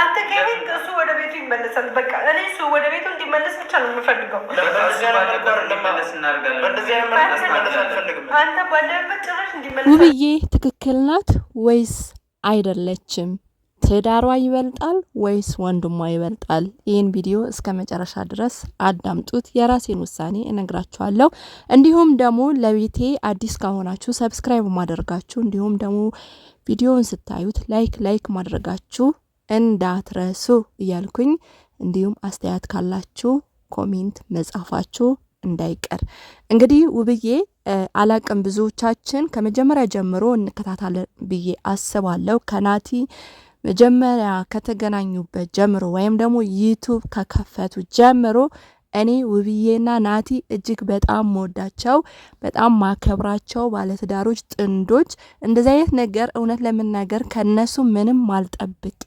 አንተ እሱ ወደ ቤቱ ይመለሳል። በቃ እኔ እሱ ወደ ቤቱ እንዲመለስ ብቻ ነው የምፈልገው። ውብዬ ትክክል ናት ወይስ አይደለችም? ትዳሯ ይበልጣል ወይስ ወንድሟ ይበልጣል? ይህን ቪዲዮ እስከ መጨረሻ ድረስ አዳምጡት። የራሴን ውሳኔ እነግራችኋለሁ። እንዲሁም ደግሞ ለቤቴ አዲስ ከሆናችሁ ሰብስክራይብ ማድረጋችሁ፣ እንዲሁም ደግሞ ቪዲዮውን ስታዩት ላይክ ላይክ ማድረጋችሁ እንዳትረሱ እያልኩኝ እንዲሁም አስተያየት ካላችሁ ኮሜንት መጻፋችሁ እንዳይቀር እንግዲህ ውብዬ አላቅም ብዙዎቻችን ከመጀመሪያ ጀምሮ እንከታታለን ብዬ አስባለሁ ከናቲ መጀመሪያ ከተገናኙበት ጀምሮ ወይም ደግሞ ዩቱብ ከከፈቱ ጀምሮ እኔ ውብዬና ናቲ እጅግ በጣም መወዳቸው በጣም ማከብራቸው ባለትዳሮች ጥንዶች እንደዚህ አይነት ነገር እውነት ለመናገር ከነሱ ምንም አልጠብቅ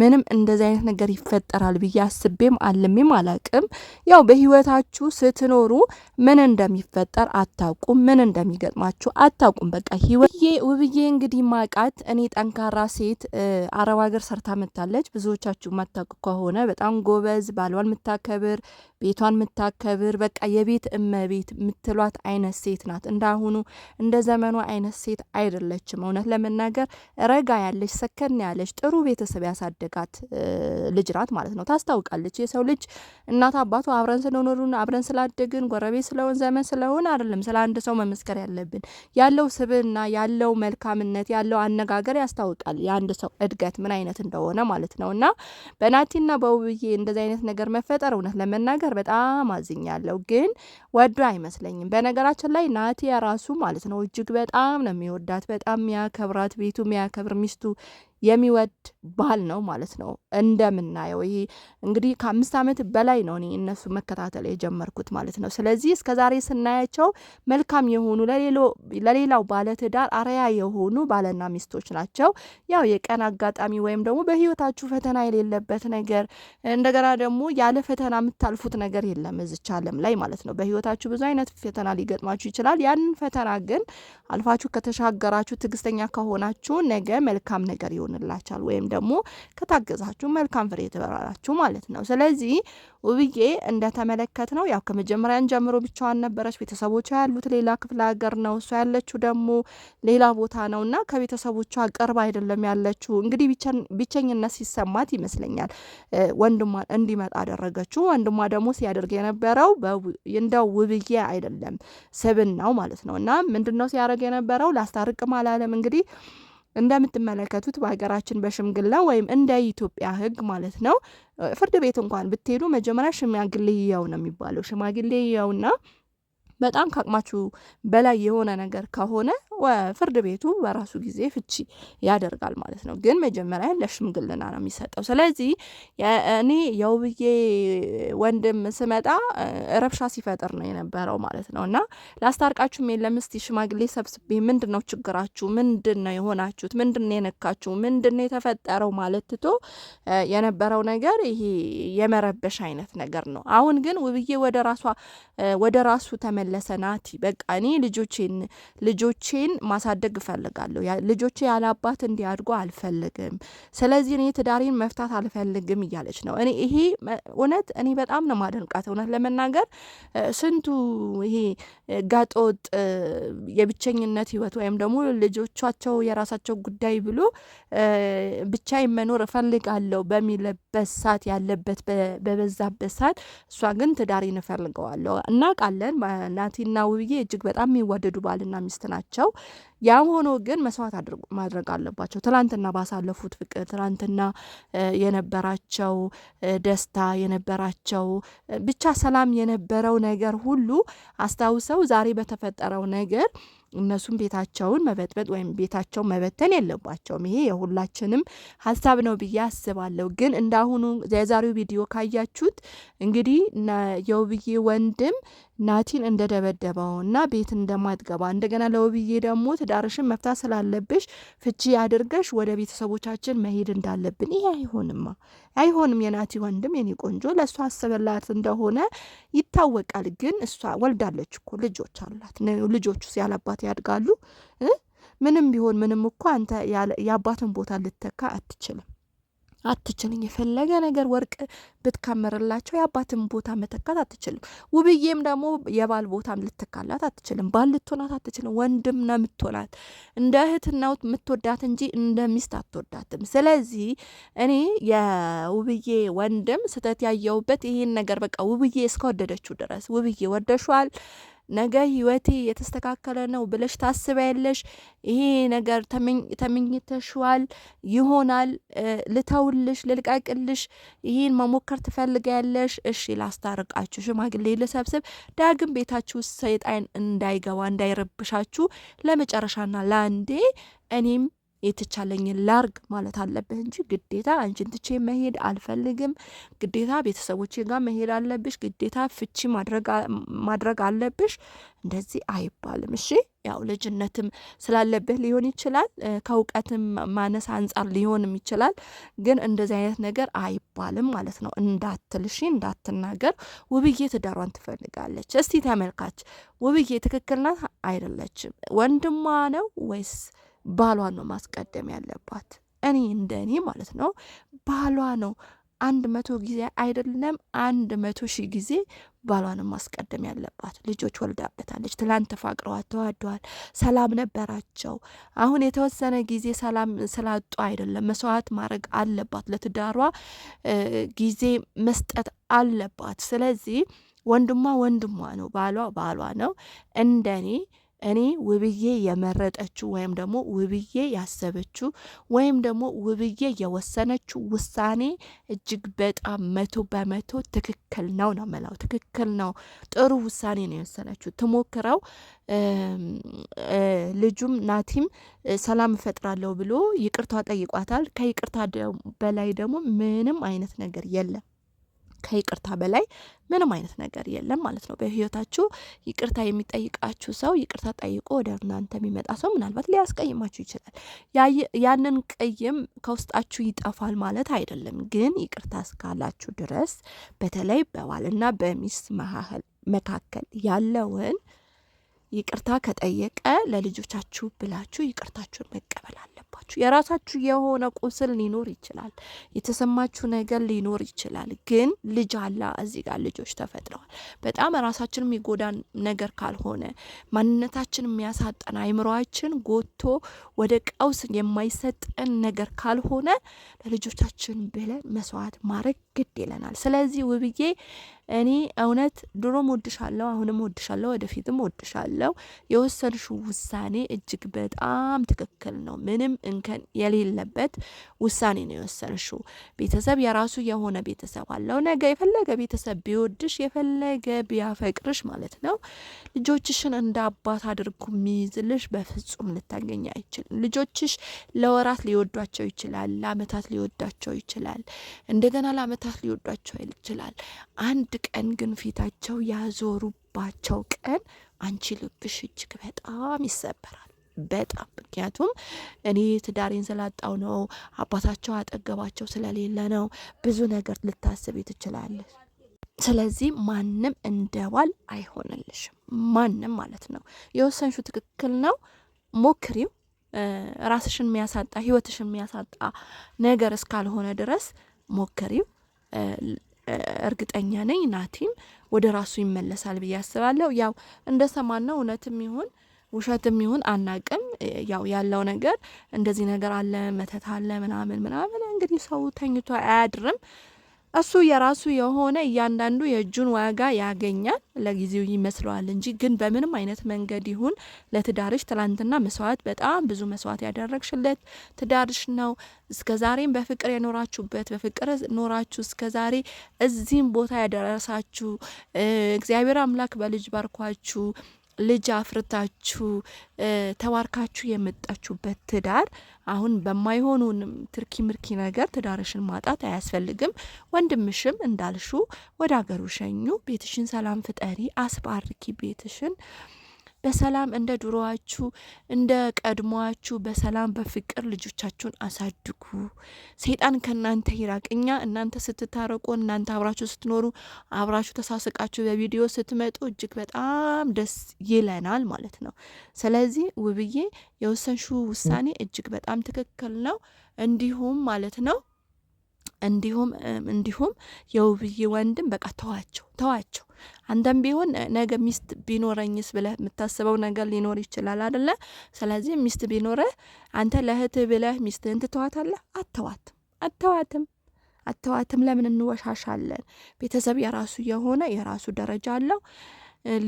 ምንም እንደዚህ አይነት ነገር ይፈጠራል ብዬ አስቤም አልሜም አላቅም። ያው በህይወታችሁ ስትኖሩ ምን እንደሚፈጠር አታውቁም፣ ምን እንደሚገጥማችሁ አታውቁም። በቃ ህይወት ውብዬ እንግዲህ ማቃት እኔ ጠንካራ ሴት አረብ ሀገር ሰርታ መታለች። ብዙዎቻችሁ ማታውቁ ከሆነ በጣም ጎበዝ ባሏን የምታከብር ቤቷ እናቷን ምታከብር በቃ የቤት እመቤት ምትሏት አይነት ሴት ናት። እንዳሁኑ እንደ ዘመኑ አይነት ሴት አይደለችም። እውነት ለመናገር ረጋ ያለች ሰከን ያለች ጥሩ ቤተሰብ ያሳደጋት ልጅ ናት ማለት ነው። ታስታውቃለች። የሰው ልጅ እናት አባቱ አብረን ስለኖሩን አብረን ስላደግን ጎረቤት ስለሆን ዘመን ስለሆን አይደለም ስለ አንድ ሰው መመስከር ያለብን። ያለው ስብዕና ያለው መልካምነት ያለው አነጋገር ያስታውቃል የአንድ ሰው እድገት ምን አይነት እንደሆነ ማለት ነው። እና በናቲና በውብዬ እንደዚህ አይነት ነገር መፈጠር እውነት ለመናገር በጣም በጣም አዝኛለሁ። ግን ወዶ አይመስለኝም። በነገራችን ላይ ናቲ የራሱ ማለት ነው እጅግ በጣም ነው የሚወዳት፣ በጣም የሚያከብራት፣ ቤቱ የሚያከብር ሚስቱ የሚወድ ባህል ነው ማለት ነው እንደምናየው። ይሄ እንግዲህ ከአምስት ዓመት በላይ ነው እኔ እነሱ መከታተል የጀመርኩት ማለት ነው። ስለዚህ እስከ ዛሬ ስናያቸው መልካም የሆኑ ለሌላው ባለትዳር አርያ የሆኑ ባለና ሚስቶች ናቸው። ያው የቀን አጋጣሚ ወይም ደግሞ በህይወታችሁ ፈተና የሌለበት ነገር እንደገና ደግሞ ያለ ፈተና የምታልፉት ነገር የለም እዚች ዓለም ላይ ማለት ነው። በህይወታችሁ ብዙ አይነት ፈተና ሊገጥማችሁ ይችላል። ያንን ፈተና ግን አልፋችሁ ከተሻገራችሁ፣ ትዕግስተኛ ከሆናችሁ ነገ መልካም ነገር ይሆናል። ይሆንላችኋል ወይም ደግሞ ከታገዛችሁ መልካም ፍሬ ትበራላችሁ ማለት ነው። ስለዚህ ውብዬ እንደተመለከት ነው ያው ከመጀመሪያን ጀምሮ ብቻዋን ነበረች። ቤተሰቦቿ ያሉት ሌላ ክፍለ ሀገር ነው፣ እሷ ያለችው ደግሞ ሌላ ቦታ ነው እና ከቤተሰቦቿ ቅርብ አይደለም ያለችው። እንግዲህ ብቸኝነት ሲሰማት ይመስለኛል ወንድሟ እንዲመጣ አደረገችው። ወንድሟ ደግሞ ሲያደርግ የነበረው እንደ ውብዬ አይደለም ነው ማለት ነው እና ምንድን ነው ሲያደርግ የነበረው ላስታርቅም አላለም እንግዲህ እንደምትመለከቱት በሀገራችን በሽምግልና ወይም እንደ ኢትዮጵያ ሕግ ማለት ነው ፍርድ ቤት እንኳን ብትሄዱ መጀመሪያ ሽማግሌ ያው ነው የሚባለው። ሽማግሌ ያውና በጣም ከአቅማችሁ በላይ የሆነ ነገር ከሆነ ፍርድ ቤቱ በራሱ ጊዜ ፍቺ ያደርጋል ማለት ነው። ግን መጀመሪያ ለሽምግልና ነው የሚሰጠው። ስለዚህ እኔ የውብዬ ወንድም ስመጣ ረብሻ ሲፈጥር ነው የነበረው ማለት ነው እና ላስታርቃችሁም የለም እስቲ ሽማግሌ ሰብስቤ ምንድን ነው ችግራችሁ? ምንድን ነው የሆናችሁት? ምንድን ነው የነካችሁ? ምንድን ነው የተፈጠረው? ማለት ትቶ የነበረው ነገር ይሄ የመረበሽ አይነት ነገር ነው። አሁን ግን ውብዬ ወደ ራሷ ወደ ራሱ ተመለ ለሰናቲ በቃ እኔ ልጆቼን ልጆቼን ማሳደግ እፈልጋለሁ። ልጆቼ ያለ አባት እንዲያድጉ አልፈልግም። ስለዚህ እኔ ትዳሬን መፍታት አልፈልግም እያለች ነው። እኔ ይሄ እውነት እኔ በጣም ነው ማደንቃት። እውነት ለመናገር ስንቱ ይሄ ጋጦጥ የብቸኝነት ህይወት ወይም ደግሞ ልጆቻቸው የራሳቸው ጉዳይ ብሎ ብቻዬን መኖር እፈልጋለሁ በሚለበት ሰዓት ያለበት በበዛበት ሰዓት እሷ ግን ትዳሬን እፈልገዋለሁ እናውቃለን ናቲና ውብዬ እጅግ በጣም የሚዋደዱ ባልና ሚስት ናቸው። ያም ሆኖ ግን መስዋዕት ማድረግ አለባቸው። ትላንትና ባሳለፉት ፍቅር፣ ትላንትና የነበራቸው ደስታ፣ የነበራቸው ብቻ ሰላም የነበረው ነገር ሁሉ አስታውሰው ዛሬ በተፈጠረው ነገር እነሱም ቤታቸውን መበጥበጥ ወይም ቤታቸው መበተን የለባቸውም። ይሄ የሁላችንም ሀሳብ ነው ብዬ አስባለሁ። ግን እንዳሁኑ የዛሬው ቪዲዮ ካያችሁት እንግዲህ የውብዬ ወንድም ናቲን እንደደበደበው እና ቤት እንደማትገባ እንደገና ለውብዬ ደግሞ ትዳርሽን መፍታት ስላለብሽ ፍቺ አድርገሽ ወደ ቤተሰቦቻችን መሄድ እንዳለብን። ይሄ አይሆንማ፣ አይሆንም። የናቲ ወንድም የኔ ቆንጆ ለእሷ አስበላት እንደሆነ ይታወቃል። ግን እሷ ወልዳለች እኮ ልጆች አላት። ልጆቹ ያለአባት ያድጋሉ። ምንም ቢሆን ምንም እኮ አንተ የአባትን ቦታ ልተካ አትችልም። አትችልኝ የፈለገ ነገር ወርቅ ብትከምርላቸው የአባትን ቦታ መተካት አትችልም። ውብዬም ደግሞ የባል ቦታም ልትካላት አትችልም። ባል ልትሆናት አትችልም። ወንድም ነው የምትሆናት። እንደ እህትናውት የምትወዳት እንጂ እንደ ሚስት አትወዳትም። ስለዚህ እኔ የውብዬ ወንድም ስህተት ያየውበት ይህን ነገር በቃ ውብዬ እስከወደደችው ድረስ ውብዬ ወደሿል ነገ ህይወቴ የተስተካከለ ነው ብለሽ ታስቢያለሽ? ይሄ ነገር ተመኝተሽዋል ይሆናል? ልተውልሽ፣ ልልቀቅልሽ፣ ይህን መሞከር ትፈልጊያለሽ? እሺ ላስታርቃችሁ፣ ሽማግሌ ልሰብስብ፣ ዳግም ቤታችሁ ሰይጣን እንዳይገባ እንዳይረብሻችሁ ለመጨረሻና ለአንዴ እኔም የተቻለኝን ላርግ ማለት አለብህ እንጂ ግዴታ አንቺን ትቼ መሄድ አልፈልግም፣ ግዴታ ቤተሰቦቼ ጋር መሄድ አለብሽ፣ ግዴታ ፍቺ ማድረግ አለብሽ፣ እንደዚህ አይባልም። እሺ ያው ልጅነትም ስላለብህ ሊሆን ይችላል፣ ከእውቀትም ማነስ አንጻር ሊሆንም ይችላል። ግን እንደዚህ አይነት ነገር አይባልም ማለት ነው እንዳትል፣ እሺ እንዳትናገር። ውብዬ ትዳሯን ትፈልጋለች። እስቲ ተመልካች ውብዬ ትክክል ናት አይደለችም? ወንድሟ ነው ወይስ ባሏን ነው ማስቀደም ያለባት። እኔ እንደ እኔ ማለት ነው ባሏ ነው አንድ መቶ ጊዜ አይደለም አንድ መቶ ሺህ ጊዜ ባሏንም ማስቀደም ያለባት። ልጆች ወልዳበታለች። ትላንት ተፋቅረዋል፣ ተዋደዋል፣ ሰላም ነበራቸው። አሁን የተወሰነ ጊዜ ሰላም ስላጡ አይደለም መስዋዕት ማድረግ አለባት። ለትዳሯ ጊዜ መስጠት አለባት። ስለዚህ ወንድሟ ወንድሟ ነው፣ ባሏ ባሏ ነው እንደኔ እኔ ውብዬ የመረጠችው ወይም ደግሞ ውብዬ ያሰበችው ወይም ደግሞ ውብዬ የወሰነችው ውሳኔ እጅግ በጣም መቶ በመቶ ትክክል ነው ነው የምለው። ትክክል ነው፣ ጥሩ ውሳኔ ነው የወሰነችው። ትሞክረው። ልጁም ናቲም ሰላም እፈጥራለሁ ብሎ ይቅርታ ጠይቋታል። ከይቅርታ በላይ ደግሞ ምንም አይነት ነገር የለም። ከይቅርታ በላይ ምንም አይነት ነገር የለም ማለት ነው። በህይወታችሁ ይቅርታ የሚጠይቃችሁ ሰው ይቅርታ ጠይቆ ወደ እናንተ የሚመጣ ሰው ምናልባት ሊያስቀይማችሁ ይችላል። ያንን ቅይም ከውስጣችሁ ይጠፋል ማለት አይደለም። ግን ይቅርታ እስካላችሁ ድረስ በተለይ በባልና በሚስት መካከል ያለውን ይቅርታ ከጠየቀ ለልጆቻችሁ ብላችሁ ይቅርታችሁን መቀበል አለባችሁ። የራሳችሁ የሆነ ቁስል ሊኖር ይችላል፣ የተሰማችሁ ነገር ሊኖር ይችላል። ግን ልጅ አላ እዚህ ጋር ልጆች ተፈጥረዋል። በጣም ራሳችን የሚጎዳን ነገር ካልሆነ ማንነታችን የሚያሳጠን አይምሯችን ጎቶ ወደ ቀውስ የማይሰጠን ነገር ካልሆነ ለልጆቻችን ብለን መስዋዕት ማድረግ ግድ ይለናል። ስለዚህ ውብዬ እኔ እውነት ድሮም ወድሻለሁ፣ አሁንም ወድሻለሁ፣ ወደፊትም ወድሻለሁ። የወሰንሽው ውሳኔ እጅግ በጣም ትክክል ነው። ምንም እንከን የሌለበት ውሳኔ ነው የወሰንሽው። ቤተሰብ የራሱ የሆነ ቤተሰብ አለው። ነገ የፈለገ ቤተሰብ ቢወድሽ የፈለገ ቢያፈቅርሽ ማለት ነው ልጆችሽን እንደ አባት አድርጎ የሚይዝልሽ በፍጹም ልታገኝ አይችልም። ልጆችሽ ለወራት ሊወዷቸው ይችላል፣ ለአመታት ሊወዳቸው ይችላል። እንደገና ለአመታት ሰዓታት ሊወዷቸው ይችላል። አንድ ቀን ግን ፊታቸው ያዞሩባቸው ቀን አንቺ ልብሽ እጅግ በጣም ይሰበራል። በጣም ምክንያቱም እኔ ትዳሬን ስላጣው ነው፣ አባታቸው አጠገባቸው ስለሌለ ነው፣ ብዙ ነገር ልታስብ ትችላለች። ስለዚህ ማንም እንደ ባል አይሆንልሽም። ማንም ማለት ነው። የወሰንሹ ትክክል ነው። ሞክሪው። ራስሽን የሚያሳጣ ህይወትሽን የሚያሳጣ ነገር እስካልሆነ ድረስ ሞክሪው። እርግጠኛ ነኝ ናቲም ወደ ራሱ ይመለሳል ብዬ አስባለሁ። ያው እንደ ሰማን ነው እውነትም ይሁን ውሸትም ይሁን አናቅም። ያው ያለው ነገር እንደዚህ ነገር አለ፣ መተት አለ፣ ምናምን ምናምን። እንግዲህ ሰው ተኝቶ አያድርም። እሱ የራሱ የሆነ እያንዳንዱ የእጁን ዋጋ ያገኛል። ለጊዜው ይመስለዋል እንጂ ግን በምንም አይነት መንገድ ይሁን ለትዳርሽ ትላንትና መስዋዕት በጣም ብዙ መስዋዕት ያደረግሽለት ትዳርሽ ነው። እስከ ዛሬም በፍቅር የኖራችሁበት በፍቅር ኖራችሁ እስከ ዛሬ እዚህም ቦታ ያደረሳችሁ እግዚአብሔር አምላክ በልጅ ባርኳችሁ ልጅ አፍርታችሁ ተዋርካችሁ የመጣችሁበት ትዳር አሁን በማይሆኑንም ትርኪ ምርኪ ነገር ትዳርሽን ማጣት አያስፈልግም። ወንድምሽም እንዳልሹ ወደ አገሩ ሸኙ። ቤትሽን ሰላም ፍጠሪ፣ አስባርኪ ቤትሽን በሰላም እንደ ድሮዋችሁ እንደ ቀድሞዋችሁ በሰላም በፍቅር ልጆቻችሁን አሳድጉ። ሰይጣን ከእናንተ ይራቅ። እኛ እናንተ ስትታረቁ፣ እናንተ አብራችሁ ስትኖሩ፣ አብራችሁ ተሳስቃችሁ በቪዲዮ ስትመጡ እጅግ በጣም ደስ ይለናል ማለት ነው። ስለዚህ ውብዬ የወሰንሹ ውሳኔ እጅግ በጣም ትክክል ነው። እንዲሁም ማለት ነው እንዲሁም እንዲሁም የውብዬ ወንድም በቃ ተዋቸው ተዋቸው። አንተም ቢሆን ነገ ሚስት ቢኖረኝስ ብለህ የምታስበው ነገር ሊኖር ይችላል አደለ? ስለዚህ ሚስት ቢኖረህ አንተ ለእህትህ ብለህ ሚስትህን ትተዋታለህ? አተዋትም አተዋትም አተዋትም። ለምን እንወሻሻለን? ቤተሰብ የራሱ የሆነ የራሱ ደረጃ አለው።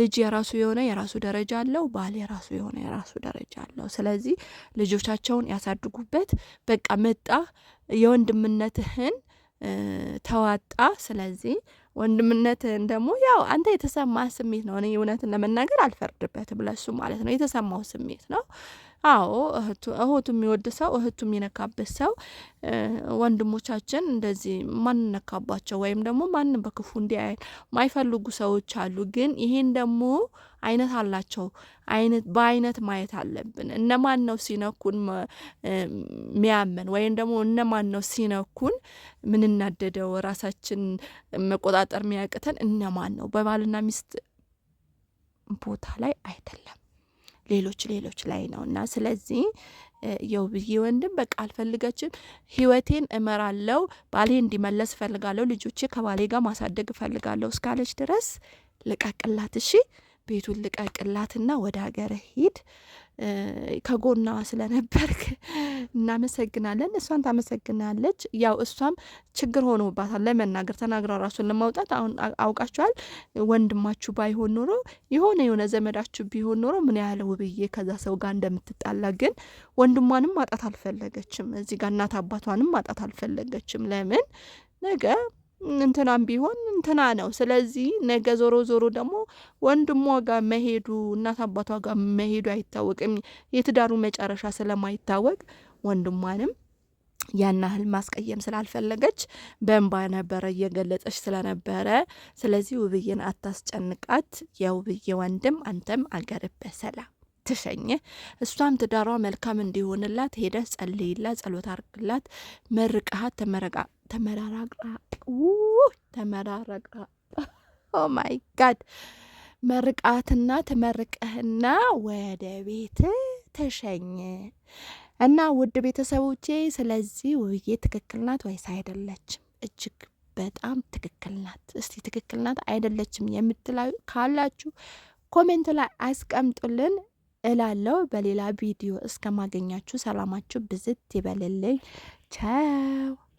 ልጅ የራሱ የሆነ የራሱ ደረጃ አለው። ባል የራሱ የሆነ የራሱ ደረጃ አለው። ስለዚህ ልጆቻቸውን ያሳድጉበት። በቃ መጣ የወንድምነትህን ተዋጣ። ስለዚህ ወንድምነትህን ደግሞ ያው አንተ የተሰማ ስሜት ነው። እኔ እውነትን ለመናገር አልፈርድበትም፣ ለሱ ማለት ነው የተሰማው ስሜት ነው። አዎ እህቱ እህቱ የሚወድ ሰው እህቱ የሚነካበት ሰው ወንድሞቻችን እንደዚህ ማንነካባቸው ወይም ደግሞ ማንም በክፉ እንዲያየን ማይፈልጉ ሰዎች አሉ። ግን ይሄን ደግሞ አይነት አላቸው። አይነት በአይነት ማየት አለብን። እነማን ነው ሲነኩን ሚያመን ወይም ደግሞ እነማን ነው ሲነኩን ምንናደደው ራሳችን መቆጣጠር ሚያቅተን እነማን ነው? በባልና ሚስት ቦታ ላይ አይደለም። ሌሎች ሌሎች ላይ ነው እና ስለዚህ የውብዬ ወንድም በቃ አልፈልገችም፣ ህይወቴን እመራለው፣ ባሌ እንዲመለስ እፈልጋለሁ፣ ልጆቼ ከባሌ ጋር ማሳደግ እፈልጋለሁ እስካለች ድረስ ልቀቅላት። እሺ ቤቱን ልቀቅላትና ወደ ሀገር ሂድ። ከጎናዋ ስለነበርክ እናመሰግናለን። እሷን ታመሰግናለች። ያው እሷም ችግር ሆኖባታል ለመናገር ተናግራ ራሱን ለማውጣት አሁን አውቃችኋል። ወንድማችሁ ባይሆን ኖሮ የሆነ የሆነ ዘመዳችሁ ቢሆን ኖሮ ምን ያህል ውብዬ ከዛ ሰው ጋር እንደምትጣላ ግን ወንድሟንም ማጣት አልፈለገችም። እዚህ ጋር እናት አባቷንም ማጣት አልፈለገችም። ለምን ነገ እንትናም ቢሆን እንትና ነው። ስለዚህ ነገ ዞሮ ዞሮ ደግሞ ወንድሟ ጋር መሄዱ እናት አባቷ ጋር መሄዱ አይታወቅም። የትዳሩ መጨረሻ ስለማይታወቅ ወንድሟንም ያን ያህል ማስቀየም ስላልፈለገች በእንባ ነበረ እየገለጸች ስለነበረ፣ ስለዚህ ውብዬን አታስጨንቃት። የውብዬ ወንድም አንተም አገር በሰላም ትሸኝ እሷም ትዳሯ መልካም እንዲሆንላት ሄደህ ጸልይላት፣ ጸሎት አርግላት፣ መርቀሃት ተመረቃ ተመራራቅራ ተመራረቅራ ማይ ጋድ መርቃትና ተመርቀህና ወደ ቤት ተሸኝ እና ውድ ቤተሰቦቼ፣ ስለዚህ ውብዬ ትክክል ናት ወይስ አይደለችም? እጅግ በጣም ትክክል ናት። እስቲ ትክክል ናት አይደለችም የምትላዩ ካላችሁ ኮሜንት ላይ አስቀምጡልን እላለሁ። በሌላ ቪዲዮ እስከማገኛችሁ ሰላማችሁ ብዝት ይበልልኝ። ቻው